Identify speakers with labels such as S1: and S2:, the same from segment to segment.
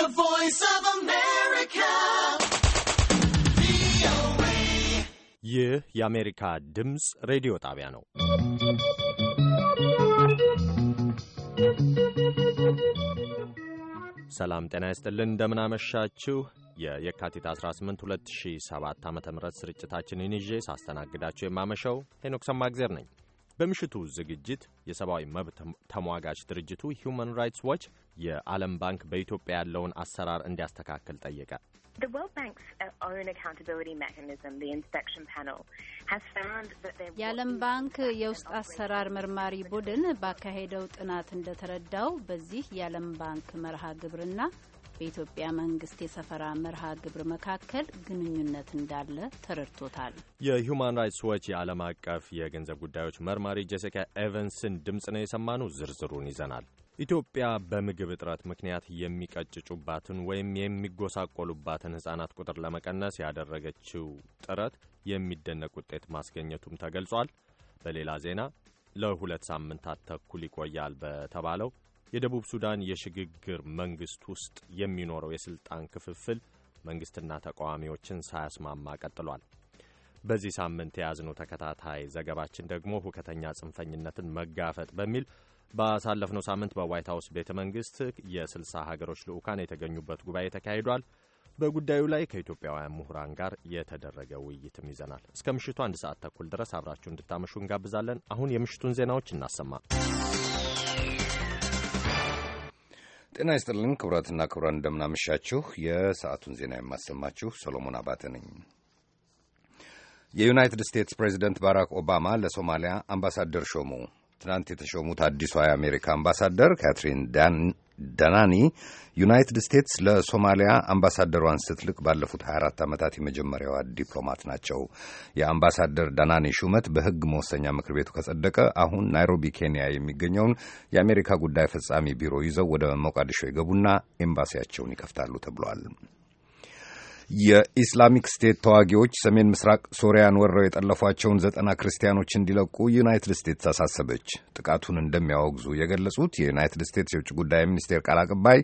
S1: The Voice of America.
S2: ይህ የአሜሪካ ድምፅ ሬዲዮ ጣቢያ ነው። ሰላም ጤና ይስጥልን። እንደምናመሻችሁ የየካቲት 18 2007 ዓ ም ስርጭታችንን ይዤ ሳስተናግዳችሁ የማመሸው ሄኖክ ሰማግዜር ነኝ። በምሽቱ ዝግጅት የሰብአዊ መብት ተሟጋች ድርጅቱ ሁማን ራይትስ ዋች የዓለም ባንክ በኢትዮጵያ ያለውን አሰራር እንዲያስተካክል ጠየቀ።
S3: uh,
S4: የዓለም ባንክ የውስጥ አሰራር መርማሪ ቡድን ባካሄደው ጥናት እንደተረዳው በዚህ የዓለም ባንክ መርሃ ግብርና በኢትዮጵያ መንግስት የሰፈራ መርሃ ግብር መካከል ግንኙነት እንዳለ ተረድቶታል።
S2: የሁማን ራይትስ ዎች የዓለም አቀፍ የገንዘብ ጉዳዮች መርማሪ ጄሴካ ኤቨንስን ድምፅ ነው የሰማኑ። ዝርዝሩን ይዘናል። ኢትዮጵያ በምግብ እጥረት ምክንያት የሚቀጭጩባትን ወይም የሚጎሳቆሉባትን ሕፃናት ቁጥር ለመቀነስ ያደረገችው ጥረት የሚደነቅ ውጤት ማስገኘቱም ተገልጿል። በሌላ ዜና ለሁለት ሳምንታት ተኩል ይቆያል በተባለው የደቡብ ሱዳን የሽግግር መንግስት ውስጥ የሚኖረው የሥልጣን ክፍፍል መንግሥትና ተቃዋሚዎችን ሳያስማማ ቀጥሏል። በዚህ ሳምንት የያዝነው ተከታታይ ዘገባችን ደግሞ ሁከተኛ ጽንፈኝነትን መጋፈጥ በሚል ባሳለፍነው ሳምንት በዋይት ሀውስ ቤተ መንግሥት የስልሳ ሀገሮች ልዑካን የተገኙበት ጉባኤ ተካሂዷል። በጉዳዩ ላይ ከኢትዮጵያውያን ምሁራን ጋር የተደረገ ውይይትም ይዘናል። እስከ ምሽቱ አንድ ሰዓት ተኩል ድረስ አብራችሁ እንድታመሹ እንጋብዛለን። አሁን የምሽቱን ዜናዎች እናሰማ።
S5: ጤና ይስጥልን ክቡራትና ክቡራን፣ እንደምናመሻችሁ። የሰዓቱን ዜና የማሰማችሁ ሰሎሞን አባተ ነኝ። የዩናይትድ ስቴትስ ፕሬዚደንት ባራክ ኦባማ ለሶማሊያ አምባሳደር ሾሙ። ትናንት የተሾሙት አዲሷ የአሜሪካ አምባሳደር ካትሪን ዳን ዳናኒ ዩናይትድ ስቴትስ ለሶማሊያ አምባሳደሯን ስትልክ ባለፉት 24 ዓመታት የመጀመሪያዋ ዲፕሎማት ናቸው። የአምባሳደር ዳናኒ ሹመት በሕግ መወሰኛ ምክር ቤቱ ከጸደቀ አሁን ናይሮቢ ኬንያ የሚገኘውን የአሜሪካ ጉዳይ ፈጻሚ ቢሮ ይዘው ወደ ሞቃዲሾ ይገቡና ኤምባሲያቸውን ይከፍታሉ ተብሏል። የኢስላሚክ ስቴት ተዋጊዎች ሰሜን ምስራቅ ሶሪያን ወረው የጠለፏቸውን ዘጠና ክርስቲያኖች እንዲለቁ ዩናይትድ ስቴትስ አሳሰበች። ጥቃቱን እንደሚያወግዙ የገለጹት የዩናይትድ ስቴትስ የውጭ ጉዳይ ሚኒስቴር ቃል አቀባይ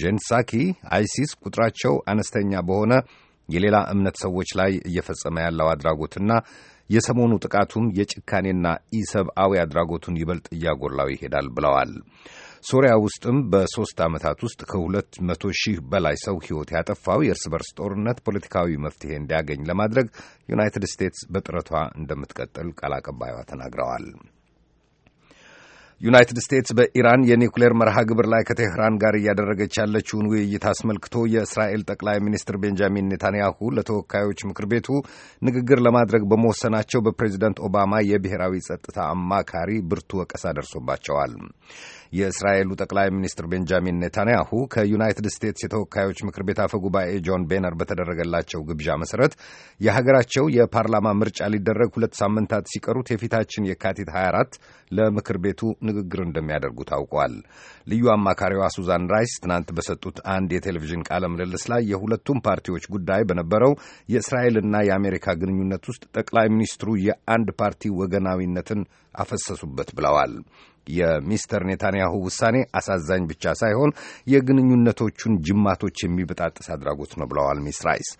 S5: ጄን ሳኪ አይሲስ ቁጥራቸው አነስተኛ በሆነ የሌላ እምነት ሰዎች ላይ እየፈጸመ ያለው አድራጎትና የሰሞኑ ጥቃቱም የጭካኔና ኢሰብአዊ አድራጎቱን ይበልጥ እያጎላው ይሄዳል ብለዋል። ሶሪያ ውስጥም በሦስት ዓመታት ውስጥ ከሁለት መቶ ሺህ በላይ ሰው ሕይወት ያጠፋው የእርስ በርስ ጦርነት ፖለቲካዊ መፍትሔ እንዲያገኝ ለማድረግ ዩናይትድ ስቴትስ በጥረቷ እንደምትቀጥል ቃል አቀባይዋ ተናግረዋል። ዩናይትድ ስቴትስ በኢራን የኒውክሌር መርሃ ግብር ላይ ከቴህራን ጋር እያደረገች ያለችውን ውይይት አስመልክቶ የእስራኤል ጠቅላይ ሚኒስትር ቤንጃሚን ኔታንያሁ ለተወካዮች ምክር ቤቱ ንግግር ለማድረግ በመወሰናቸው በፕሬዚደንት ኦባማ የብሔራዊ ጸጥታ አማካሪ ብርቱ ወቀሳ ደርሶባቸዋል። የእስራኤሉ ጠቅላይ ሚኒስትር ቤንጃሚን ኔታንያሁ ከዩናይትድ ስቴትስ የተወካዮች ምክር ቤት አፈ ጉባኤ ጆን ቤነር በተደረገላቸው ግብዣ መሰረት የሀገራቸው የፓርላማ ምርጫ ሊደረግ ሁለት ሳምንታት ሲቀሩት የፊታችን የካቲት 24 ለምክር ቤቱ ንግግር እንደሚያደርጉ ታውቋል። ልዩ አማካሪዋ ሱዛን ራይስ ትናንት በሰጡት አንድ የቴሌቪዥን ቃለ ምልልስ ላይ የሁለቱም ፓርቲዎች ጉዳይ በነበረው የእስራኤልና የአሜሪካ ግንኙነት ውስጥ ጠቅላይ ሚኒስትሩ የአንድ ፓርቲ ወገናዊነትን አፈሰሱበት ብለዋል። የሚስተር ኔታንያሁ ውሳኔ አሳዛኝ ብቻ ሳይሆን የግንኙነቶቹን ጅማቶች የሚበጣጥስ አድራጎት ነው ብለዋል ሚስ ራይስ።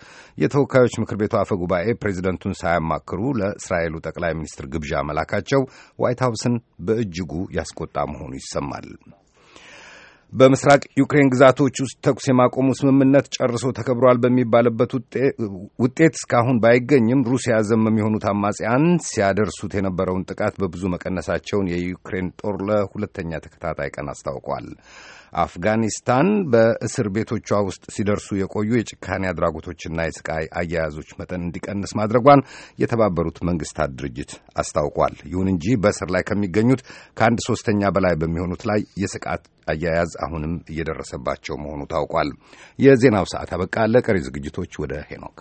S5: የተወካዮች ምክር ቤቱ አፈ ጉባኤ ፕሬዚደንቱን ሳያማክሩ ለእስራኤሉ ጠቅላይ ሚኒስትር ግብዣ መላካቸው ዋይት ሀውስን በእጅጉ ያስቆጣ መሆኑ ይሰማል። በምስራቅ ዩክሬን ግዛቶች ውስጥ ተኩስ የማቆሙ ስምምነት ጨርሶ ተከብሯል በሚባልበት ውጤት እስካሁን ባይገኝም ሩሲያ ዘመም የሆኑት አማጽያን ሲያደርሱት የነበረውን ጥቃት በብዙ መቀነሳቸውን የዩክሬን ጦር ለሁለተኛ ተከታታይ ቀን አስታውቋል። አፍጋኒስታን በእስር ቤቶቿ ውስጥ ሲደርሱ የቆዩ የጭካኔ አድራጎቶችና የስቃይ አያያዞች መጠን እንዲቀንስ ማድረጓን የተባበሩት መንግስታት ድርጅት አስታውቋል። ይሁን እንጂ በእስር ላይ ከሚገኙት ከአንድ ሶስተኛ በላይ በሚሆኑት ላይ የስቃት አያያዝ አሁንም እየደረሰባቸው መሆኑ ታውቋል። የዜናው ሰዓት አበቃ። ለቀሪ ዝግጅቶች ወደ ሄኖክ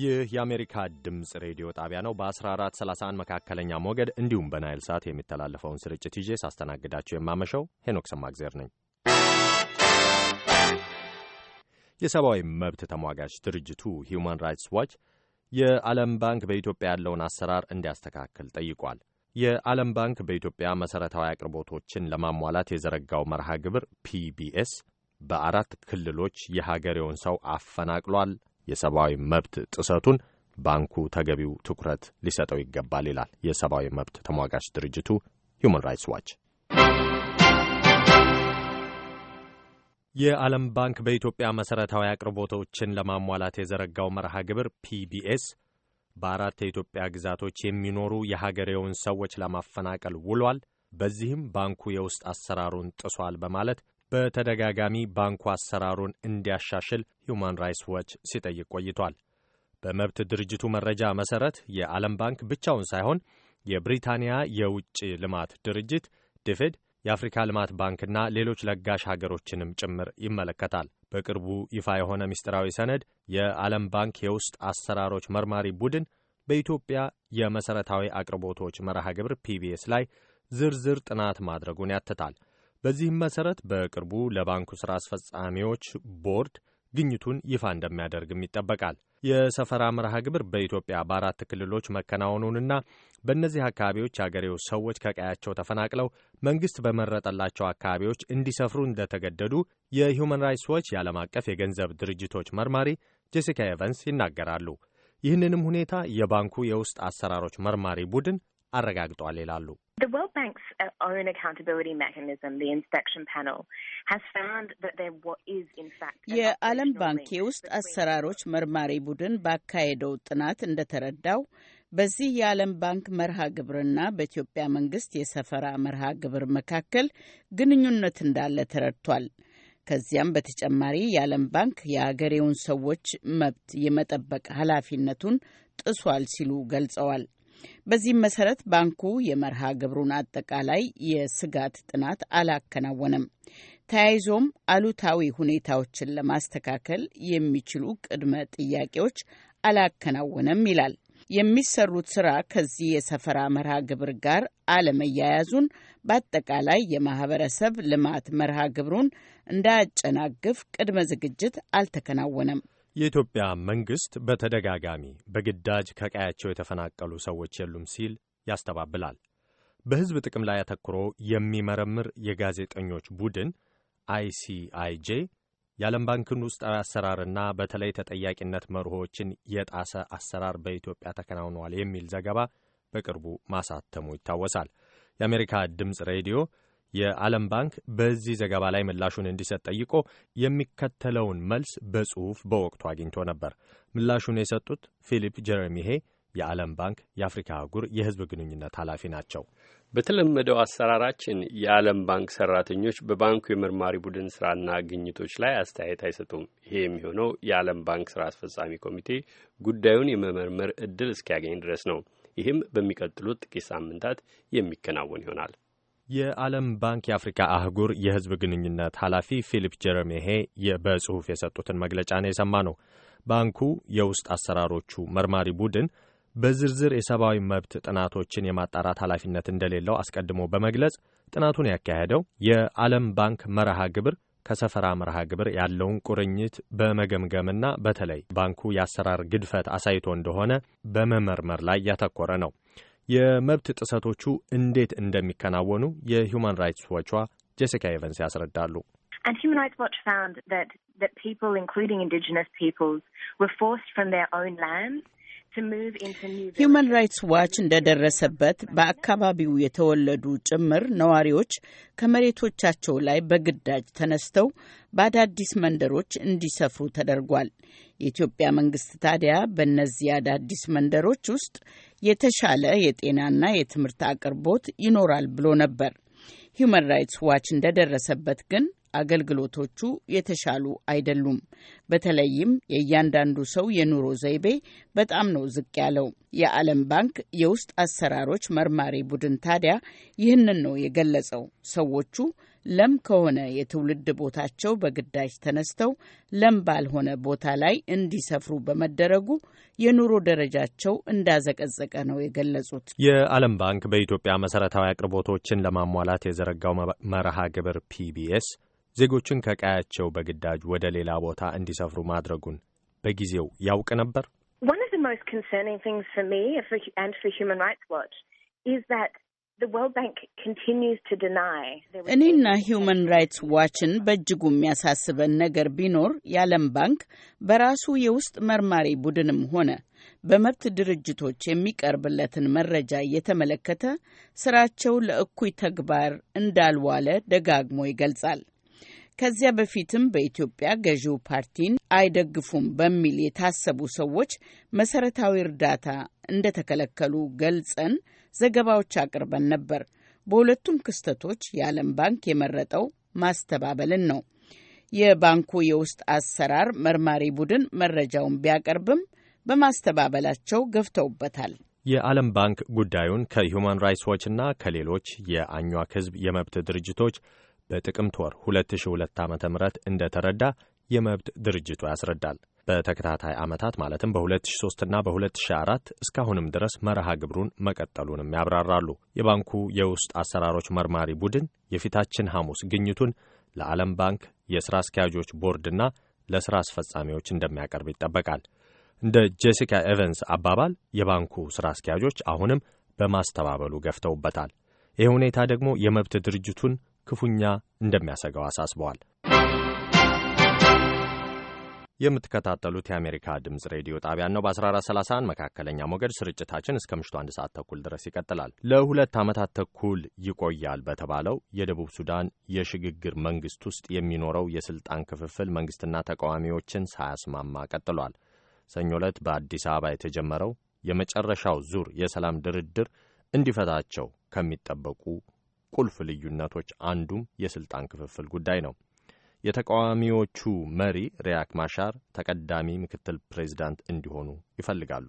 S2: ይህ የአሜሪካ ድምፅ ሬዲዮ ጣቢያ ነው። በ1431 መካከለኛ ሞገድ እንዲሁም በናይል ሳት የሚተላለፈውን ስርጭት ይዤ ሳስተናግዳችሁ የማመሸው ሄኖክ ሰማግዜር ነኝ። የሰብአዊ መብት ተሟጋች ድርጅቱ ሂውማን ራይትስ ዋች የዓለም ባንክ በኢትዮጵያ ያለውን አሰራር እንዲያስተካክል ጠይቋል። የዓለም ባንክ በኢትዮጵያ መሠረታዊ አቅርቦቶችን ለማሟላት የዘረጋው መርሃ ግብር ፒቢኤስ በአራት ክልሎች የሀገሬውን ሰው አፈናቅሏል የሰብአዊ መብት ጥሰቱን ባንኩ ተገቢው ትኩረት ሊሰጠው ይገባል ይላል የሰብአዊ መብት ተሟጋች ድርጅቱ ሁማን ራይትስ ዋች። የዓለም ባንክ በኢትዮጵያ መሠረታዊ አቅርቦቶችን ለማሟላት የዘረጋው መርሃ ግብር ፒቢኤስ በአራት የኢትዮጵያ ግዛቶች የሚኖሩ የሀገሬውን ሰዎች ለማፈናቀል ውሏል፣ በዚህም ባንኩ የውስጥ አሰራሩን ጥሷል በማለት በተደጋጋሚ ባንኩ አሰራሩን እንዲያሻሽል ሁማን ራይትስ ዋች ሲጠይቅ ቆይቷል። በመብት ድርጅቱ መረጃ መሠረት የዓለም ባንክ ብቻውን ሳይሆን የብሪታንያ የውጭ ልማት ድርጅት ድፍድ፣ የአፍሪካ ልማት ባንክና ሌሎች ለጋሽ ሀገሮችንም ጭምር ይመለከታል። በቅርቡ ይፋ የሆነ ምስጢራዊ ሰነድ የዓለም ባንክ የውስጥ አሰራሮች መርማሪ ቡድን በኢትዮጵያ የመሠረታዊ አቅርቦቶች መርሃ ግብር ፒቢኤስ ላይ ዝርዝር ጥናት ማድረጉን ያትታል። በዚህም መሠረት በቅርቡ ለባንኩ ሥራ አስፈጻሚዎች ቦርድ ግኝቱን ይፋ እንደሚያደርግም ይጠበቃል። የሰፈራ መርሃ ግብር በኢትዮጵያ በአራት ክልሎች መከናወኑንና በእነዚህ አካባቢዎች አገሬው ሰዎች ከቀያቸው ተፈናቅለው መንግሥት በመረጠላቸው አካባቢዎች እንዲሰፍሩ እንደተገደዱ የሁመን ራይትስ ዎች የዓለም አቀፍ የገንዘብ ድርጅቶች መርማሪ ጄሲካ ኤቨንስ ይናገራሉ። ይህንንም ሁኔታ የባንኩ የውስጥ አሰራሮች መርማሪ ቡድን
S4: አረጋግጧል ይላሉ። uh, የዓለም ባንክ የውስጥ አሰራሮች መርማሪ ቡድን ባካሄደው ጥናት እንደተረዳው በዚህ የዓለም ባንክ መርሃ ግብርና በኢትዮጵያ መንግስት የሰፈራ መርሃ ግብር መካከል ግንኙነት እንዳለ ተረድቷል። ከዚያም በተጨማሪ የዓለም ባንክ የአገሬውን ሰዎች መብት የመጠበቅ ኃላፊነቱን ጥሷል ሲሉ ገልጸዋል። በዚህም መሰረት ባንኩ የመርሃ ግብሩን አጠቃላይ የስጋት ጥናት አላከናወነም። ተያይዞም አሉታዊ ሁኔታዎችን ለማስተካከል የሚችሉ ቅድመ ጥያቄዎች አላከናወነም ይላል። የሚሰሩት ስራ ከዚህ የሰፈራ መርሃ ግብር ጋር አለመያያዙን በአጠቃላይ የማህበረሰብ ልማት መርሃ ግብሩን እንዳያጨናግፍ ቅድመ ዝግጅት አልተከናወነም።
S2: የኢትዮጵያ መንግሥት በተደጋጋሚ በግዳጅ ከቀያቸው የተፈናቀሉ ሰዎች የሉም ሲል ያስተባብላል። በሕዝብ ጥቅም ላይ አተኩሮ የሚመረምር የጋዜጠኞች ቡድን አይሲአይጄ የዓለም ባንክን ውስጣዊ አሰራርና በተለይ ተጠያቂነት መርሆችን የጣሰ አሰራር በኢትዮጵያ ተከናውኗል የሚል ዘገባ በቅርቡ ማሳተሙ ይታወሳል። የአሜሪካ ድምፅ ሬዲዮ የዓለም ባንክ በዚህ ዘገባ ላይ ምላሹን እንዲሰጥ ጠይቆ የሚከተለውን መልስ በጽሑፍ በወቅቱ አግኝቶ ነበር። ምላሹን የሰጡት ፊሊፕ ጀረሚሄ የዓለም ባንክ የአፍሪካ አህጉር የሕዝብ ግንኙነት ኃላፊ ናቸው። በተለመደው አሰራራችን የዓለም ባንክ ሰራተኞች በባንኩ የመርማሪ ቡድን ስራና ግኝቶች ላይ አስተያየት አይሰጡም። ይሄ የሚሆነው የዓለም ባንክ ስራ አስፈጻሚ ኮሚቴ ጉዳዩን የመመርመር እድል እስኪያገኝ ድረስ ነው። ይህም በሚቀጥሉት ጥቂት ሳምንታት የሚከናወን ይሆናል። የዓለም ባንክ የአፍሪካ አህጉር የህዝብ ግንኙነት ኃላፊ ፊሊፕ ጀረሜሄ በጽሑፍ የሰጡትን መግለጫ ነው የሰማ ነው። ባንኩ የውስጥ አሰራሮቹ መርማሪ ቡድን በዝርዝር የሰብአዊ መብት ጥናቶችን የማጣራት ኃላፊነት እንደሌለው አስቀድሞ በመግለጽ ጥናቱን ያካሄደው የዓለም ባንክ መርሃ ግብር ከሰፈራ መርሃ ግብር ያለውን ቁርኝት በመገምገምና በተለይ ባንኩ የአሰራር ግድፈት አሳይቶ እንደሆነ በመመርመር ላይ ያተኮረ ነው። የመብት ጥሰቶቹ እንዴት እንደሚከናወኑ የሁማን ራይትስ ዋቿ ጄሲካ ኤቨንስ ያስረዳሉ።
S4: ሂውማን ራይትስ ዋች እንደደረሰበት በአካባቢው የተወለዱ ጭምር ነዋሪዎች ከመሬቶቻቸው ላይ በግዳጅ ተነስተው በአዳዲስ መንደሮች እንዲሰፍሩ ተደርጓል። የኢትዮጵያ መንግስት ታዲያ በእነዚህ አዳዲስ መንደሮች ውስጥ የተሻለ የጤናና የትምህርት አቅርቦት ይኖራል ብሎ ነበር። ሂውማን ራይትስ ዋች እንደደረሰበት ግን አገልግሎቶቹ የተሻሉ አይደሉም። በተለይም የእያንዳንዱ ሰው የኑሮ ዘይቤ በጣም ነው ዝቅ ያለው። የዓለም ባንክ የውስጥ አሰራሮች መርማሪ ቡድን ታዲያ ይህንን ነው የገለጸው። ሰዎቹ ለም ከሆነ የትውልድ ቦታቸው በግዳጅ ተነስተው ለም ባልሆነ ቦታ ላይ እንዲሰፍሩ በመደረጉ የኑሮ ደረጃቸው እንዳዘቀዘቀ ነው የገለጹት።
S2: የዓለም ባንክ በኢትዮጵያ መሰረታዊ አቅርቦቶችን ለማሟላት የዘረጋው መርሃ ግብር ፒቢኤስ ዜጎችን ከቀያቸው በግዳጅ ወደ ሌላ ቦታ እንዲሰፍሩ ማድረጉን በጊዜው
S4: ያውቅ ነበር።
S3: One of the most concerning things for me and for Human Rights Watch is that
S4: እኔና ሂውማን ራይትስ ዋችን በእጅጉ የሚያሳስበን ነገር ቢኖር የዓለም ባንክ በራሱ የውስጥ መርማሪ ቡድንም ሆነ በመብት ድርጅቶች የሚቀርብለትን መረጃ እየተመለከተ ስራቸው ለእኩይ ተግባር እንዳልዋለ ደጋግሞ ይገልጻል። ከዚያ በፊትም በኢትዮጵያ ገዢው ፓርቲን አይደግፉም በሚል የታሰቡ ሰዎች መሰረታዊ እርዳታ እንደተከለከሉ ገልጸን ዘገባዎች አቅርበን ነበር። በሁለቱም ክስተቶች የዓለም ባንክ የመረጠው ማስተባበልን ነው። የባንኩ የውስጥ አሰራር መርማሪ ቡድን መረጃውን ቢያቀርብም በማስተባበላቸው ገፍተውበታል።
S2: የዓለም ባንክ ጉዳዩን ከሁማን ራይትስ ዎች እና ከሌሎች የአኟክ ሕዝብ የመብት ድርጅቶች በጥቅምት ወር 2002 ዓ ም እንደተረዳ የመብት ድርጅቱ ያስረዳል። በተከታታይ ዓመታት ማለትም በ2003 ና በ2004 እስካሁንም ድረስ መርሃ ግብሩን መቀጠሉንም ያብራራሉ። የባንኩ የውስጥ አሰራሮች መርማሪ ቡድን የፊታችን ሐሙስ ግኝቱን ለዓለም ባንክ የሥራ አስኪያጆች ቦርድና ለሥራ አስፈጻሚዎች እንደሚያቀርብ ይጠበቃል። እንደ ጄሲካ ኤቨንስ አባባል የባንኩ ሥራ አስኪያጆች አሁንም በማስተባበሉ ገፍተውበታል። ይህ ሁኔታ ደግሞ የመብት ድርጅቱን ክፉኛ እንደሚያሰጋው አሳስበዋል። የምትከታተሉት የአሜሪካ ድምፅ ሬዲዮ ጣቢያን ነው። በ1431 መካከለኛ ሞገድ ስርጭታችን እስከ ምሽቱ አንድ ሰዓት ተኩል ድረስ ይቀጥላል። ለሁለት ዓመታት ተኩል ይቆያል በተባለው የደቡብ ሱዳን የሽግግር መንግስት ውስጥ የሚኖረው የስልጣን ክፍፍል መንግስትና ተቃዋሚዎችን ሳያስማማ ቀጥሏል። ሰኞ ዕለት በአዲስ አበባ የተጀመረው የመጨረሻው ዙር የሰላም ድርድር እንዲፈታቸው ከሚጠበቁ ቁልፍ ልዩነቶች አንዱም የስልጣን ክፍፍል ጉዳይ ነው። የተቃዋሚዎቹ መሪ ሪያክ ማሻር ተቀዳሚ ምክትል ፕሬዚዳንት እንዲሆኑ ይፈልጋሉ።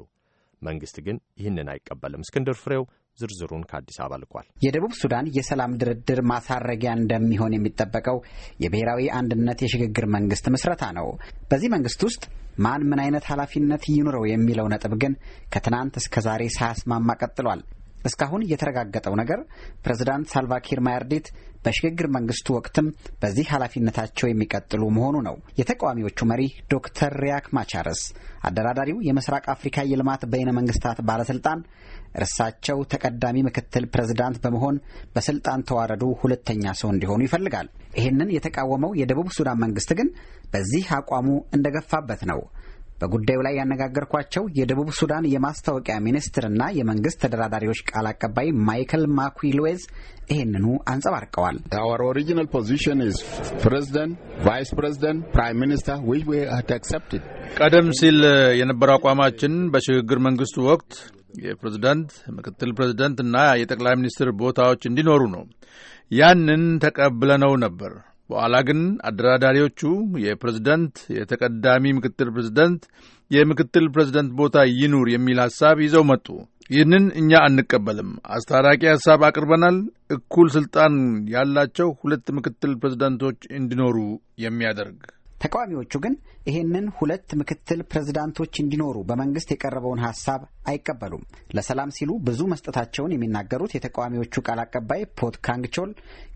S2: መንግስት ግን ይህንን አይቀበልም። እስክንድር ፍሬው ዝርዝሩን ከአዲስ አበባ ልኳል።
S6: የደቡብ ሱዳን የሰላም ድርድር ማሳረጊያ እንደሚሆን የሚጠበቀው የብሔራዊ አንድነት የሽግግር መንግስት ምስረታ ነው። በዚህ መንግስት ውስጥ ማን ምን አይነት ኃላፊነት ይኑረው የሚለው ነጥብ ግን ከትናንት እስከ ዛሬ ሳያስማማ ቀጥሏል። እስካሁን የተረጋገጠው ነገር ፕሬዝዳንት ሳልቫኪር ማያርዲት በሽግግር መንግስቱ ወቅትም በዚህ ኃላፊነታቸው የሚቀጥሉ መሆኑ ነው። የተቃዋሚዎቹ መሪ ዶክተር ሪያክ ማቻረስ አደራዳሪው የምስራቅ አፍሪካ የልማት በይነ መንግስታት ባለስልጣን እርሳቸው ተቀዳሚ ምክትል ፕሬዝዳንት በመሆን በስልጣን ተዋረዱ ሁለተኛ ሰው እንዲሆኑ ይፈልጋል። ይህንን የተቃወመው የደቡብ ሱዳን መንግስት ግን በዚህ አቋሙ እንደገፋበት ነው። በጉዳዩ ላይ ያነጋገርኳቸው የደቡብ ሱዳን የማስታወቂያ ሚኒስትርና የመንግስት ተደራዳሪዎች ቃል አቀባይ ማይክል ማኩልዌዝ ይህንኑ አንጸባርቀዋል። አወር ኦሪጂናል ፖዚሽን ኢዝ
S7: ፕሬዚደንት፣ ቫይስ ፕሬዚደንት፣ ፕራይም ሚኒስተር ዊች ዊ ሃድ አክሰፕትድ። ቀደም ሲል የነበረው አቋማችን በሽግግር መንግስቱ ወቅት የፕሬዝደንት ምክትል ፕሬዝዳንት እና የጠቅላይ ሚኒስትር ቦታዎች እንዲኖሩ ነው። ያንን ተቀብለነው ነበር። በኋላ ግን አደራዳሪዎቹ የፕሬዝደንት የተቀዳሚ ምክትል ፕሬዝደንት፣ የምክትል ፕሬዝደንት ቦታ ይኑር የሚል ሐሳብ ይዘው መጡ። ይህንን እኛ አንቀበልም። አስታራቂ ሐሳብ አቅርበናል። እኩል ሥልጣን ያላቸው ሁለት ምክትል ፕሬዝደንቶች እንዲኖሩ የሚያደርግ ተቃዋሚዎቹ ግን ይህንን ሁለት ምክትል ፕሬዝዳንቶች
S6: እንዲኖሩ በመንግስት የቀረበውን ሀሳብ አይቀበሉም። ለሰላም ሲሉ ብዙ መስጠታቸውን የሚናገሩት የተቃዋሚዎቹ ቃል አቀባይ ፖት ካንግቾል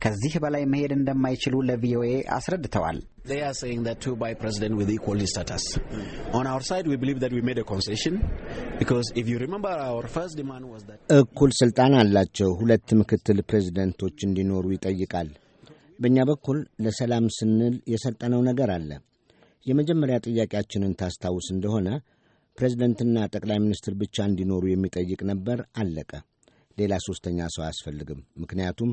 S6: ከዚህ በላይ መሄድ እንደማይችሉ ለቪኦኤ አስረድተዋል።
S3: እኩል ስልጣን አላቸው። ሁለት ምክትል ፕሬዝደንቶች እንዲኖሩ ይጠይቃል። በእኛ በኩል ለሰላም ስንል የሰጠነው ነገር አለ። የመጀመሪያ ጥያቄያችንን ታስታውስ እንደሆነ ፕሬዝደንትና ጠቅላይ ሚኒስትር ብቻ እንዲኖሩ የሚጠይቅ ነበር። አለቀ። ሌላ ሦስተኛ ሰው አያስፈልግም። ምክንያቱም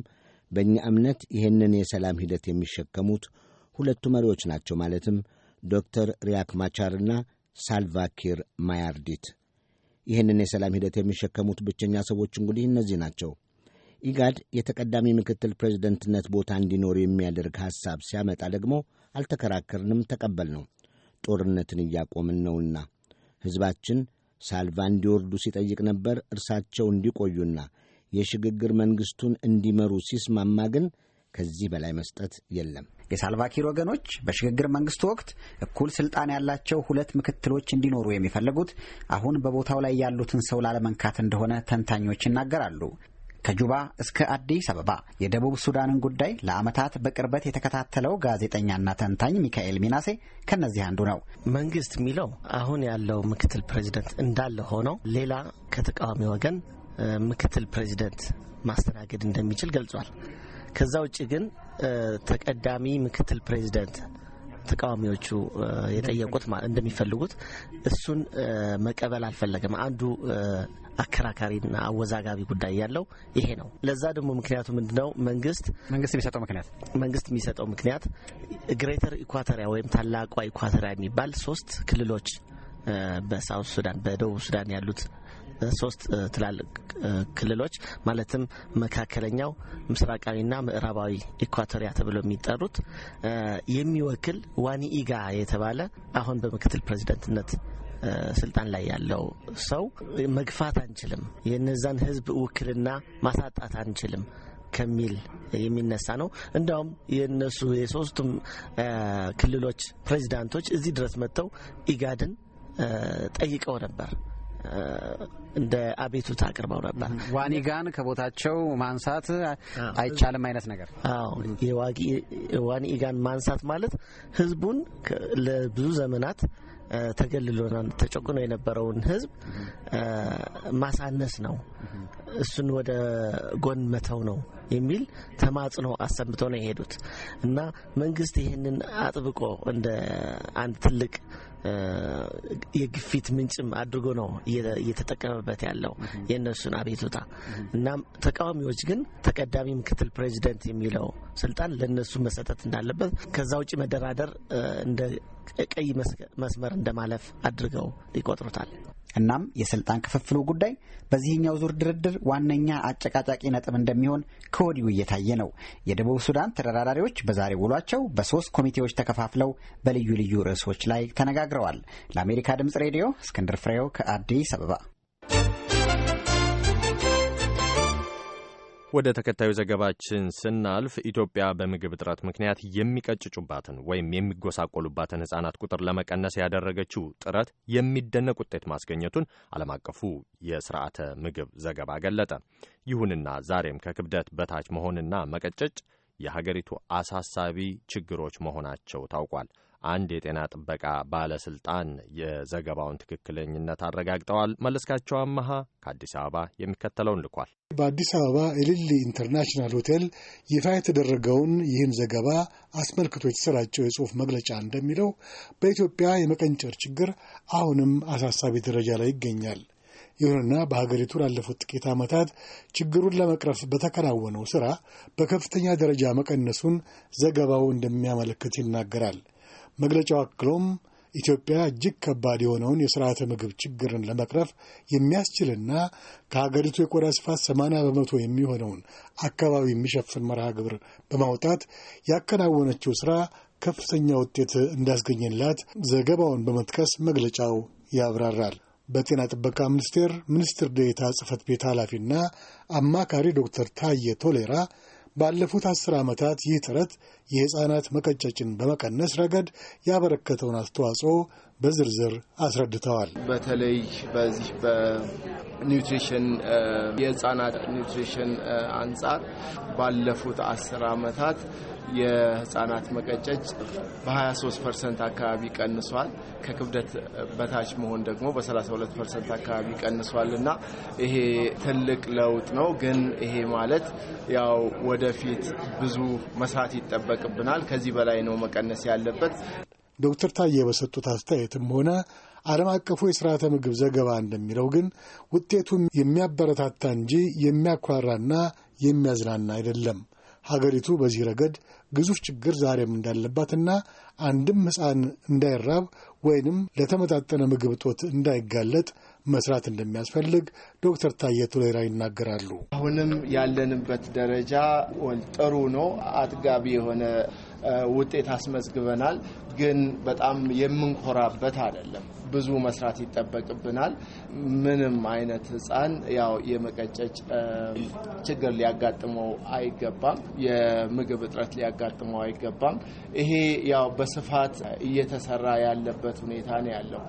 S3: በእኛ እምነት ይህንን የሰላም ሂደት የሚሸከሙት ሁለቱ መሪዎች ናቸው። ማለትም ዶክተር ሪያክ ማቻርና ሳልቫኪር ማያርዲት። ይህንን የሰላም ሂደት የሚሸከሙት ብቸኛ ሰዎች እንግዲህ እነዚህ ናቸው። ኢጋድ የተቀዳሚ ምክትል ፕሬዚደንትነት ቦታ እንዲኖር የሚያደርግ ሐሳብ ሲያመጣ ደግሞ አልተከራከርንም፣ ተቀበል ነው። ጦርነትን እያቆምን ነውና ሕዝባችን ሳልቫ እንዲወርዱ ሲጠይቅ ነበር። እርሳቸው እንዲቆዩና
S6: የሽግግር መንግሥቱን እንዲመሩ ሲስማማ ግን ከዚህ በላይ መስጠት የለም። የሳልቫኪር ወገኖች በሽግግር መንግስቱ ወቅት እኩል ስልጣን ያላቸው ሁለት ምክትሎች እንዲኖሩ የሚፈልጉት አሁን በቦታው ላይ ያሉትን ሰው ላለመንካት እንደሆነ ተንታኞች ይናገራሉ። ከጁባ እስከ አዲስ አበባ የደቡብ ሱዳንን ጉዳይ ለዓመታት በቅርበት የተከታተለው
S8: ጋዜጠኛና ተንታኝ ሚካኤል ሚናሴ ከነዚህ አንዱ ነው። መንግስት የሚለው አሁን ያለው ምክትል ፕሬዚደንት እንዳለ ሆነው ሌላ ከተቃዋሚ ወገን ምክትል ፕሬዚደንት ማስተናገድ እንደሚችል ገልጿል። ከዛ ውጭ ግን ተቀዳሚ ምክትል ፕሬዚደንት ተቃዋሚዎቹ የጠየቁት እንደሚፈልጉት እሱን መቀበል አልፈለገም። አንዱ አከራካሪና አወዛጋቢ ጉዳይ ያለው ይሄ ነው። ለዛ ደግሞ ምክንያቱ ምንድነው? መንግስት መንግስት የሚሰጠው ምክንያት መንግስት የሚሰጠው ምክንያት ግሬተር ኢኳቶሪያ ወይም ታላቋ ኢኳቶሪያ የሚባል ሶስት ክልሎች በሳውት ሱዳን በደቡብ ሱዳን ያሉት ሶስት ትላልቅ ክልሎች ማለትም መካከለኛው፣ ምስራቃዊና ምዕራባዊ ኢኳቶሪያ ተብሎ የሚጠሩት የሚወክል ዋኒኢጋ የተባለ አሁን በምክትል ፕሬዚደንትነት ስልጣን ላይ ያለው ሰው መግፋት አንችልም፣ የነዛን ህዝብ ውክልና ማሳጣት አንችልም ከሚል የሚነሳ ነው። እንዲያውም የነሱ የሶስቱም ክልሎች ፕሬዚዳንቶች እዚህ ድረስ መጥተው ኢጋድን ጠይቀው ነበር እንደ አቤቱታ አቅርበው ነበር። ዋኒጋን ከቦታቸው ማንሳት አይቻልም አይነት ነገር። አዎ የዋኒጋን ማንሳት ማለት ህዝቡን ለብዙ ዘመናት ተገልሎናል ተጨቁኖ የነበረውን ህዝብ ማሳነስ ነው፣ እሱን ወደ ጎን መተው ነው የሚል ተማጽኖ አሰምተው ነው የሄዱት እና መንግስት ይህንን አጥብቆ እንደ አንድ ትልቅ የግፊት ምንጭም አድርጎ ነው እየተጠቀመበት ያለው የእነሱን አቤቱታ። እናም ተቃዋሚዎች ግን ተቀዳሚ ምክትል ፕሬዚደንት የሚለው ስልጣን ለእነሱ መሰጠት እንዳለበት ከዛ ውጭ መደራደር እንደ ቀይ መስመር እንደማለፍ አድርገው ይቆጥሩታል።
S6: እናም የስልጣን ክፍፍሉ ጉዳይ በዚህኛው ዙር ድርድር ዋነኛ አጨቃጫቂ ነጥብ እንደሚሆን ከወዲሁ እየታየ ነው። የደቡብ ሱዳን ተደራዳሪዎች በዛሬ ውሏቸው በሶስት ኮሚቴዎች ተከፋፍለው በልዩ ልዩ ርዕሶች ላይ ተነጋግረዋል። ለአሜሪካ ድምጽ ሬዲዮ እስክንድር ፍሬው ከአዲስ አበባ
S2: ወደ ተከታዩ ዘገባችን ስናልፍ ኢትዮጵያ በምግብ እጥረት ምክንያት የሚቀጭጩባትን ወይም የሚጎሳቆሉባትን ሕጻናት ቁጥር ለመቀነስ ያደረገችው ጥረት የሚደነቅ ውጤት ማስገኘቱን ዓለም አቀፉ የስርዓተ ምግብ ዘገባ ገለጠ። ይሁንና ዛሬም ከክብደት በታች መሆንና መቀጨጭ የሀገሪቱ አሳሳቢ ችግሮች መሆናቸው ታውቋል። አንድ የጤና ጥበቃ ባለስልጣን የዘገባውን ትክክለኝነት አረጋግጠዋል። መለስካቸው አመሃ ከአዲስ አበባ የሚከተለውን ልኳል።
S9: በአዲስ አበባ ኤሊሊ ኢንተርናሽናል ሆቴል ይፋ የተደረገውን ይህን ዘገባ አስመልክቶ የተሰራጨው የጽሑፍ መግለጫ እንደሚለው በኢትዮጵያ የመቀንጨር ችግር አሁንም አሳሳቢ ደረጃ ላይ ይገኛል። ይሁንና በሀገሪቱ ላለፉት ጥቂት ዓመታት ችግሩን ለመቅረፍ በተከናወነው ሥራ በከፍተኛ ደረጃ መቀነሱን ዘገባው እንደሚያመለክት ይናገራል። መግለጫው አክሎም ኢትዮጵያ እጅግ ከባድ የሆነውን የስርዓተ ምግብ ችግርን ለመቅረፍ የሚያስችልና ከሀገሪቱ የቆዳ ስፋት 80 በመቶ የሚሆነውን አካባቢ የሚሸፍን መርሃ ግብር በማውጣት ያከናወነችው ስራ ከፍተኛ ውጤት እንዳስገኘላት ዘገባውን በመጥቀስ መግለጫው ያብራራል። በጤና ጥበቃ ሚኒስቴር ሚኒስትር ዴኤታ ጽህፈት ቤት ኃላፊና አማካሪ ዶክተር ታዬ ቶሌራ ባለፉት አስር ዓመታት ይህ ጥረት የሕፃናት መቀጨጭን በመቀነስ ረገድ ያበረከተውን አስተዋጽኦ በዝርዝር አስረድተዋል።
S7: በተለይ በዚህ በኒውትሪሽን የህጻናት ኒውትሪሽን አንጻር ባለፉት አስር አመታት የህጻናት መቀጨጭ በ23 ፐርሰንት አካባቢ ቀንሷል። ከክብደት በታች መሆን ደግሞ በ32 ፐርሰንት አካባቢ ቀንሷል እና ይሄ ትልቅ ለውጥ ነው። ግን ይሄ ማለት ያው ወደፊት ብዙ መስራት ይጠበቅብናል። ከዚህ በላይ ነው መቀነስ ያለበት።
S9: ዶክተር ታዬ በሰጡት አስተያየትም ሆነ ዓለም አቀፉ የሥርዓተ ምግብ ዘገባ እንደሚለው ግን ውጤቱም የሚያበረታታ እንጂ የሚያኳራና የሚያዝናና አይደለም። ሀገሪቱ በዚህ ረገድ ግዙፍ ችግር ዛሬም እንዳለባትና አንድም ሕፃን እንዳይራብ ወይንም ለተመጣጠነ ምግብ እጦት እንዳይጋለጥ መስራት እንደሚያስፈልግ ዶክተር ታዬ ቱሌራ ይናገራሉ።
S7: አሁንም ያለንበት ደረጃ ጥሩ ነው። አጥጋቢ የሆነ ውጤት አስመዝግበናል። ግን በጣም የምንኮራበት አይደለም። ብዙ መስራት ይጠበቅብናል። ምንም አይነት ህፃን ያው የመቀጨጭ ችግር ሊያጋጥመው አይገባም። የምግብ እጥረት ሊያጋጥመው አይገባም። ይሄ ያው በስፋት እየተሰራ ያለበት ሁኔታ ነው ያለው።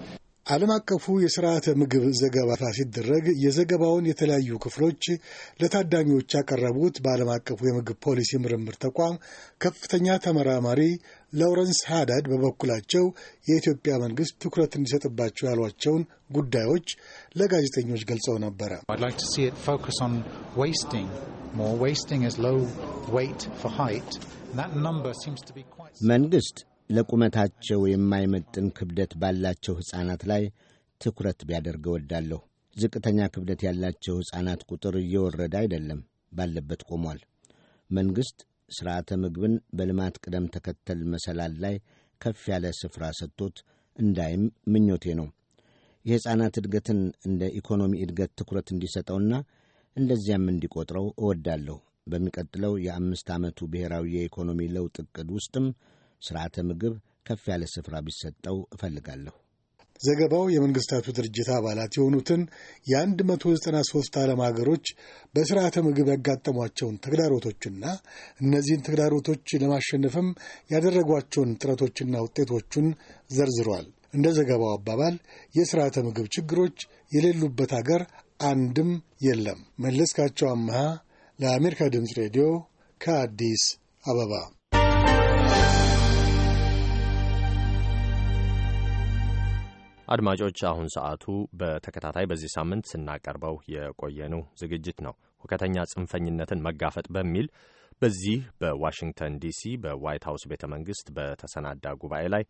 S9: ዓለም አቀፉ የስርዓተ ምግብ ዘገባ ይፋ ሲደረግ የዘገባውን የተለያዩ ክፍሎች ለታዳሚዎች ያቀረቡት በዓለም አቀፉ የምግብ ፖሊሲ ምርምር ተቋም ከፍተኛ ተመራማሪ ላውረንስ ሃዳድ በበኩላቸው የኢትዮጵያ መንግስት ትኩረት እንዲሰጥባቸው ያሏቸውን ጉዳዮች ለጋዜጠኞች ገልጸው ነበረ።
S3: መንግስት ለቁመታቸው የማይመጥን ክብደት ባላቸው ሕፃናት ላይ ትኩረት ቢያደርግ እወዳለሁ። ዝቅተኛ ክብደት ያላቸው ሕፃናት ቁጥር እየወረደ አይደለም፣ ባለበት ቆሟል። መንግሥት ሥርዓተ ምግብን በልማት ቅደም ተከተል መሰላል ላይ ከፍ ያለ ስፍራ ሰጥቶት እንዳይም ምኞቴ ነው። የሕፃናት እድገትን እንደ ኢኮኖሚ እድገት ትኩረት እንዲሰጠውና እንደዚያም እንዲቆጥረው እወዳለሁ። በሚቀጥለው የአምስት ዓመቱ ብሔራዊ የኢኮኖሚ ለውጥ ዕቅድ ውስጥም ስርዓተ ምግብ ከፍ ያለ ስፍራ ቢሰጠው እፈልጋለሁ።
S9: ዘገባው የመንግስታቱ ድርጅት አባላት የሆኑትን የ193 ዓለም ሀገሮች በስርዓተ ምግብ ያጋጠሟቸውን ተግዳሮቶችና እነዚህን ተግዳሮቶች ለማሸነፍም ያደረጓቸውን ጥረቶችና ውጤቶቹን ዘርዝሯል። እንደ ዘገባው አባባል የስርዓተ ምግብ ችግሮች የሌሉበት አገር አንድም የለም። መለስካቸው አመሃ ለአሜሪካ ድምፅ ሬዲዮ ከአዲስ አበባ
S2: አድማጮች፣ አሁን ሰዓቱ በተከታታይ በዚህ ሳምንት ስናቀርበው የቆየነው ዝግጅት ነው። ሁከተኛ ጽንፈኝነትን መጋፈጥ በሚል በዚህ በዋሽንግተን ዲሲ በዋይት ሀውስ ቤተ መንግስት በተሰናዳ ጉባኤ ላይ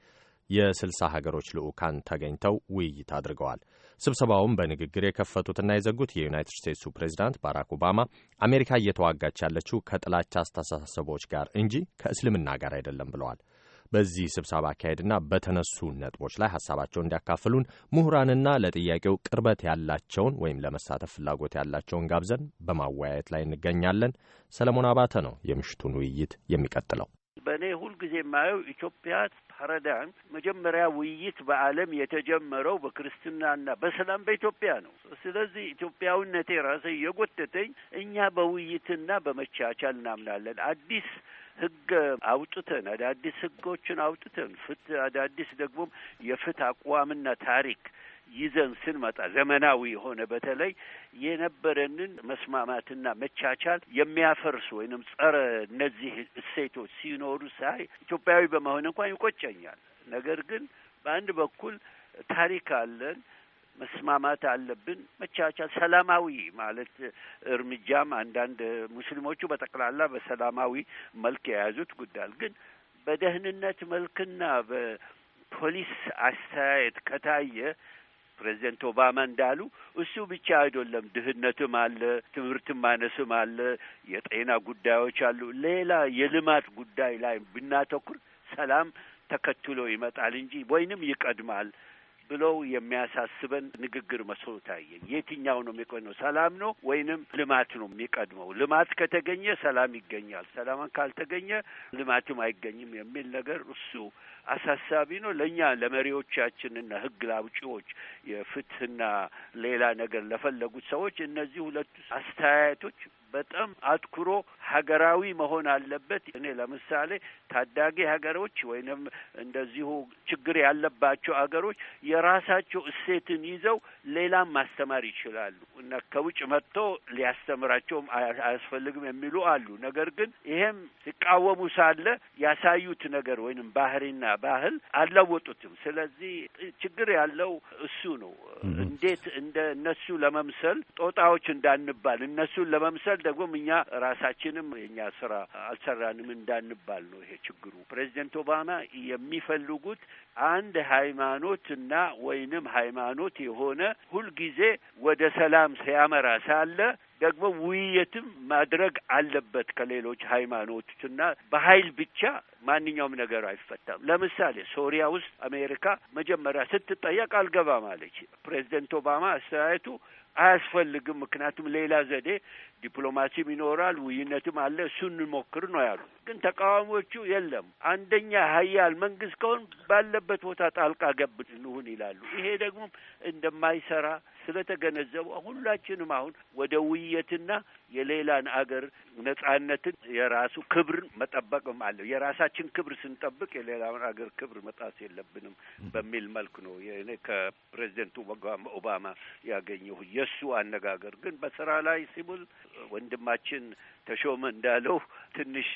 S2: የስልሳ ሀገሮች ልዑካን ተገኝተው ውይይት አድርገዋል። ስብሰባውም በንግግር የከፈቱትና የዘጉት የዩናይትድ ስቴትሱ ፕሬዚዳንት ባራክ ኦባማ አሜሪካ እየተዋጋች ያለችው ከጥላቻ አስተሳሰቦች ጋር እንጂ ከእስልምና ጋር አይደለም ብለዋል። በዚህ ስብሰባ አካሄድና በተነሱ ነጥቦች ላይ ሀሳባቸውን እንዲያካፍሉን ምሁራንና ለጥያቄው ቅርበት ያላቸውን ወይም ለመሳተፍ ፍላጎት ያላቸውን ጋብዘን በማወያየት ላይ እንገኛለን። ሰለሞን አባተ ነው የምሽቱን ውይይት የሚቀጥለው።
S10: በእኔ ሁልጊዜ የማየው ኢትዮጵያ ፓራዳይም መጀመሪያ ውይይት በዓለም የተጀመረው በክርስትናና በሰላም በኢትዮጵያ ነው። ስለዚህ ኢትዮጵያዊነቴ ራሴ የጎተተኝ እኛ በውይይትና በመቻቻል እናምናለን። አዲስ ህግ አውጥተን አዳዲስ ህጎችን አውጥተን ፍትህ አዳዲስ ደግሞ የፍትህ አቋምና ታሪክ ይዘን ስንመጣ ዘመናዊ የሆነ በተለይ የነበረንን መስማማትና መቻቻል የሚያፈርሱ ወይንም ጸረ እነዚህ እሴቶች ሲኖሩ ሳይ ኢትዮጵያዊ በመሆን እንኳን ይቆጨኛል። ነገር ግን በአንድ በኩል ታሪክ አለን መስማማት አለብን። መቻቻል፣ ሰላማዊ ማለት እርምጃም አንዳንድ ሙስሊሞቹ በጠቅላላ በሰላማዊ መልክ የያዙት ጉዳይ ግን በደህንነት መልክና በፖሊስ አስተያየት ከታየ ፕሬዚደንት ኦባማ እንዳሉ እሱ ብቻ አይደለም። ድህነትም አለ፣ ትምህርትም ማነስም አለ፣ የጤና ጉዳዮች አሉ። ሌላ የልማት ጉዳይ ላይ ብናተኩር ሰላም ተከትሎ ይመጣል እንጂ ወይንም ይቀድማል ብለው የሚያሳስበን ንግግር መስሎ ታየኝ። የትኛው ነው የሚቀድመው? ሰላም ነው ወይንም ልማት ነው የሚቀድመው? ልማት ከተገኘ ሰላም ይገኛል፣ ሰላም ካልተገኘ ልማትም አይገኝም የሚል ነገር እሱ አሳሳቢ ነው። ለእኛ ለመሪዎቻችንና ህግ ላውጪዎች የፍትህና ሌላ ነገር ለፈለጉት ሰዎች እነዚህ ሁለቱ አስተያየቶች በጣም አትኩሮ ሀገራዊ መሆን አለበት። እኔ ለምሳሌ ታዳጊ ሀገሮች ወይንም እንደዚሁ ችግር ያለባቸው ሀገሮች የራሳቸው እሴትን ይዘው ሌላም ማስተማር ይችላሉ እና ከውጭ መጥቶ ሊያስተምራቸውም አያስፈልግም የሚሉ አሉ። ነገር ግን ይሄም ሲቃወሙ ሳለ ያሳዩት ነገር ወይንም ባህሪና ባህል አልለወጡትም። ስለዚህ ችግር ያለው እሱ ነው። እንዴት እንደ እነሱ ለመምሰል ጦጣዎች እንዳንባል፣ እነሱን ለመምሰል ደግሞ እኛ ራሳችንም የእኛ ስራ አልሰራንም እንዳንባል ነው ይሄ ችግሩ። ፕሬዚደንት ኦባማ የሚፈልጉት አንድ ሃይማኖት እና ወይንም ሃይማኖት የሆነ ሁልጊዜ ወደ ሰላም ሲያመራ ሳለ ደግሞ ውይይትም ማድረግ አለበት ከሌሎች ሃይማኖቶች እና በሀይል ብቻ ማንኛውም ነገር አይፈታም። ለምሳሌ ሶሪያ ውስጥ አሜሪካ መጀመሪያ ስትጠየቅ አልገባም አለች። ፕሬዚደንት ኦባማ አስተያየቱ አያስፈልግም፣ ምክንያቱም ሌላ ዘዴ ዲፕሎማሲም ይኖራል፣ ውይይነትም አለ። እሱ እንሞክር ነው ያሉ። ግን ተቃዋሚዎቹ የለም፣ አንደኛ ሀያል መንግስት ከሆን ባለበት ቦታ ጣልቃ ገብ እንሁን ይላሉ። ይሄ ደግሞ እንደማይሰራ ስለተገነዘቡ ሁላችንም አሁን ወደ ውይይትና የሌላን አገር ነጻነትን የራሱ ክብር መጠበቅም አለ። የራሳችን ክብር ስንጠብቅ የሌላውን አገር ክብር መጣስ የለብንም በሚል መልክ ነው እኔ ከፕሬዚደንቱ ኦባማ ያገኘሁ። የእሱ አነጋገር ግን በስራ ላይ ሲውል ወንድማችን ተሾመ እንዳለው ትንሽ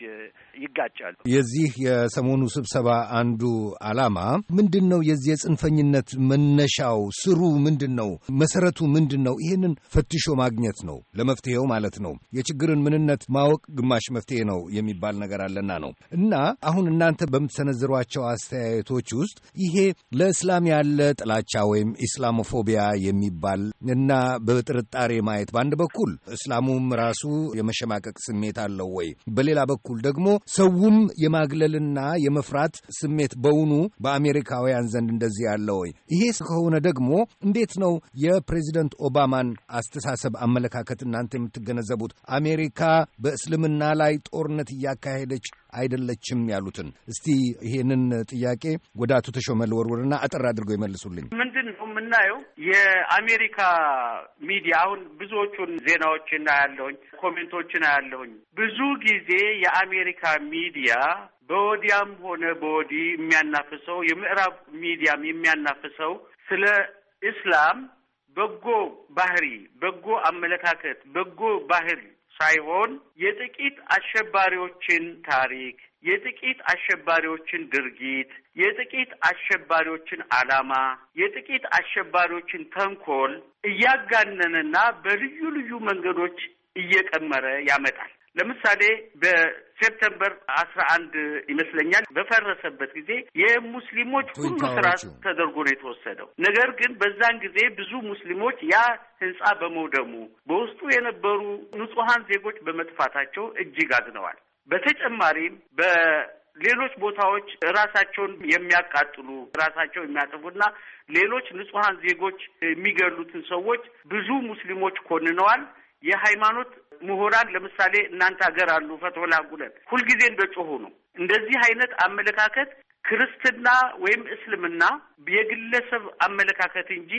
S10: ይጋጫሉ።
S5: የዚህ የሰሞኑ ስብሰባ አንዱ ዓላማ ምንድን ነው? የዚህ የጽንፈኝነት መነሻው ስሩ ምንድን ነው? መሰረቱ ምንድን ነው? ይህንን ፈትሾ ማግኘት ነው ለመፍትሄው ማለት ነው። የችግርን ምንነት ማወቅ ግማሽ መፍትሄ ነው የሚባል ነገር አለና ነው እና አሁን እናንተ በምትሰነዝሯቸው አስተያየቶች ውስጥ ይሄ ለእስላም ያለ ጥላቻ ወይም ኢስላሞፎቢያ የሚባል እና በጥርጣሬ ማየት በአንድ በኩል እስላሙም ራሱ የመሸማቀቅ ስሜት አለው ወይ? በሌላ በኩል ደግሞ ሰውም የማግለልና የመፍራት ስሜት በውኑ በአሜሪካውያን ዘንድ እንደዚህ ያለ ወይ? ይሄ ከሆነ ደግሞ እንዴት ነው የፕሬዚደንት ኦባማን አስተሳሰብ አመለካከት እናንተ የምትገነዘቡት? አሜሪካ በእስልምና ላይ ጦርነት እያካሄደች አይደለችም ያሉትን እስቲ ይሄንን ጥያቄ ወደ አቶ ተሾመ ልወርውርና አጠር አድርገው ይመልሱልኝ።
S1: ምንድን ነው የምናየው? የአሜሪካ ሚዲያ አሁን ብዙዎቹን ዜናዎችን አያለሁኝ፣ ኮሜንቶችን አያለሁኝ። ብዙ ጊዜ የአሜሪካ ሚዲያ በወዲያም ሆነ በወዲህ የሚያናፍሰው የምዕራብ ሚዲያም የሚያናፍሰው ስለ እስላም በጎ ባህሪ፣ በጎ አመለካከት፣ በጎ ባህሪ ሳይሆን የጥቂት አሸባሪዎችን ታሪክ፣ የጥቂት አሸባሪዎችን ድርጊት፣ የጥቂት አሸባሪዎችን ዓላማ፣ የጥቂት አሸባሪዎችን ተንኮል እያጋነንና በልዩ ልዩ መንገዶች እየቀመረ ያመጣል። ለምሳሌ በሴፕተምበር አስራ አንድ ይመስለኛል በፈረሰበት ጊዜ የሙስሊሞች ሁሉ ስራ ተደርጎ ነው የተወሰደው። ነገር ግን በዛን ጊዜ ብዙ ሙስሊሞች ያ ህንጻ በመውደሙ በውስጡ የነበሩ ንጹሐን ዜጎች በመጥፋታቸው እጅግ አዝነዋል። በተጨማሪም በ ሌሎች ቦታዎች ራሳቸውን የሚያቃጥሉ ራሳቸው የሚያጠፉና ሌሎች ንጹሐን ዜጎች የሚገሉትን ሰዎች ብዙ ሙስሊሞች ኮንነዋል። የሃይማኖት ምሁራን ለምሳሌ እናንተ ሀገር አሉ ፈትወላ ጉለት ሁልጊዜ እንደ ጮሁ ነው። እንደዚህ አይነት አመለካከት ክርስትና ወይም እስልምና የግለሰብ አመለካከት እንጂ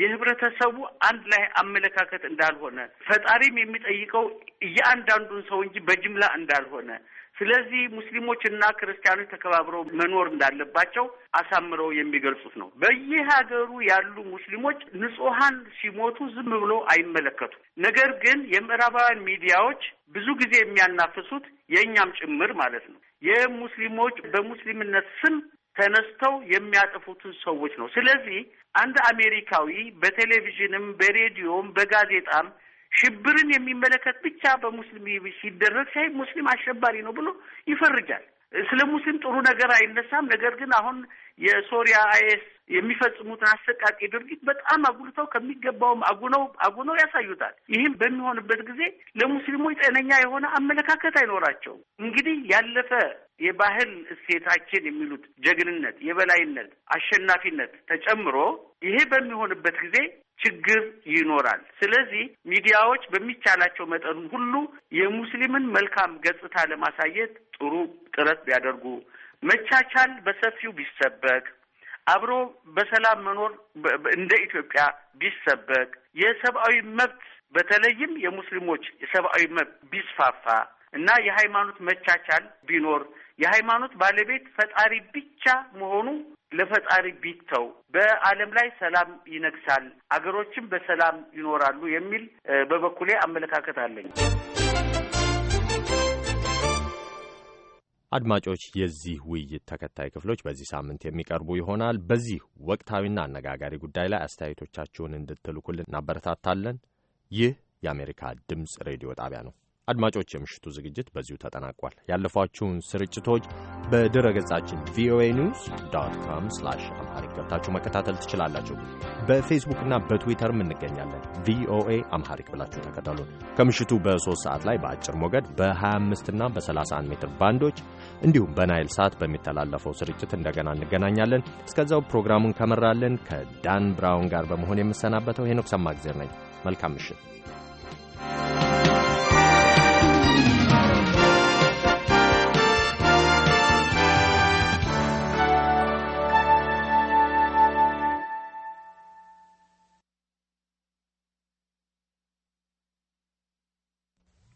S1: የህብረተሰቡ አንድ ላይ አመለካከት እንዳልሆነ ፈጣሪም የሚጠይቀው እያንዳንዱን ሰው እንጂ በጅምላ እንዳልሆነ ስለዚህ ሙስሊሞች እና ክርስቲያኖች ተከባብረው መኖር እንዳለባቸው አሳምረው የሚገልጹት ነው። በየሀገሩ ያሉ ሙስሊሞች ንጹሐን ሲሞቱ ዝም ብሎ አይመለከቱም። ነገር ግን የምዕራባውያን ሚዲያዎች ብዙ ጊዜ የሚያናፍሱት የእኛም ጭምር ማለት ነው የሙስሊሞች በሙስሊምነት ስም ተነስተው የሚያጠፉትን ሰዎች ነው። ስለዚህ አንድ አሜሪካዊ በቴሌቪዥንም በሬዲዮም በጋዜጣም ሽብርን የሚመለከት ብቻ በሙስሊም ሲደረግ ሳይ ሙስሊም አሸባሪ ነው ብሎ ይፈርጃል። ስለ ሙስሊም ጥሩ ነገር አይነሳም። ነገር ግን አሁን የሶሪያ አይኤስ የሚፈጽሙትን አሰቃቂ ድርጊት በጣም አጉልተው ከሚገባውም አጉነው አጉነው ያሳዩታል። ይህም በሚሆንበት ጊዜ ለሙስሊሞች ጤነኛ የሆነ አመለካከት አይኖራቸውም። እንግዲህ ያለፈ የባህል እሴታችን የሚሉት ጀግንነት፣ የበላይነት፣ አሸናፊነት ተጨምሮ ይሄ በሚሆንበት ጊዜ ችግር ይኖራል። ስለዚህ ሚዲያዎች በሚቻላቸው መጠኑ ሁሉ የሙስሊምን መልካም ገጽታ ለማሳየት ጥሩ ጥረት ቢያደርጉ፣ መቻቻል በሰፊው ቢሰበክ፣ አብሮ በሰላም መኖር እንደ ኢትዮጵያ ቢሰበክ፣ የሰብአዊ መብት በተለይም የሙስሊሞች የሰብአዊ መብት ቢስፋፋ እና የሃይማኖት መቻቻል ቢኖር የሃይማኖት ባለቤት ፈጣሪ ብቻ መሆኑ ለፈጣሪ ቢተው በዓለም ላይ ሰላም ይነግሳል፣ አገሮችም በሰላም ይኖራሉ የሚል በበኩሌ አመለካከት አለኝ።
S2: አድማጮች፣ የዚህ ውይይት ተከታይ ክፍሎች በዚህ ሳምንት የሚቀርቡ ይሆናል። በዚህ ወቅታዊና አነጋጋሪ ጉዳይ ላይ አስተያየቶቻችሁን እንድትልኩልን እናበረታታለን። ይህ የአሜሪካ ድምፅ ሬዲዮ ጣቢያ ነው። አድማጮች፣ የምሽቱ ዝግጅት በዚሁ ተጠናቋል። ያለፏችሁን ስርጭቶች በድረ ገጻችን ቪኦኤ ኒውስ ዶት ካም ስላሽ አምሃሪክ ገብታችሁ መከታተል ትችላላችሁ። በፌስቡክና በትዊተርም እንገኛለን። ቪኦኤ አምሃሪክ ብላችሁ ተከተሉን። ከምሽቱ በሦስት ሰዓት ላይ በአጭር ሞገድ በ25 እና በ31 ሜትር ባንዶች እንዲሁም በናይል ሰዓት በሚተላለፈው ስርጭት እንደገና እንገናኛለን። እስከዛው ፕሮግራሙን ከመራለን ከዳን ብራውን ጋር በመሆን የምሰናበተው ሄኖክ ሰማግዜር ነኝ። መልካም ምሽት።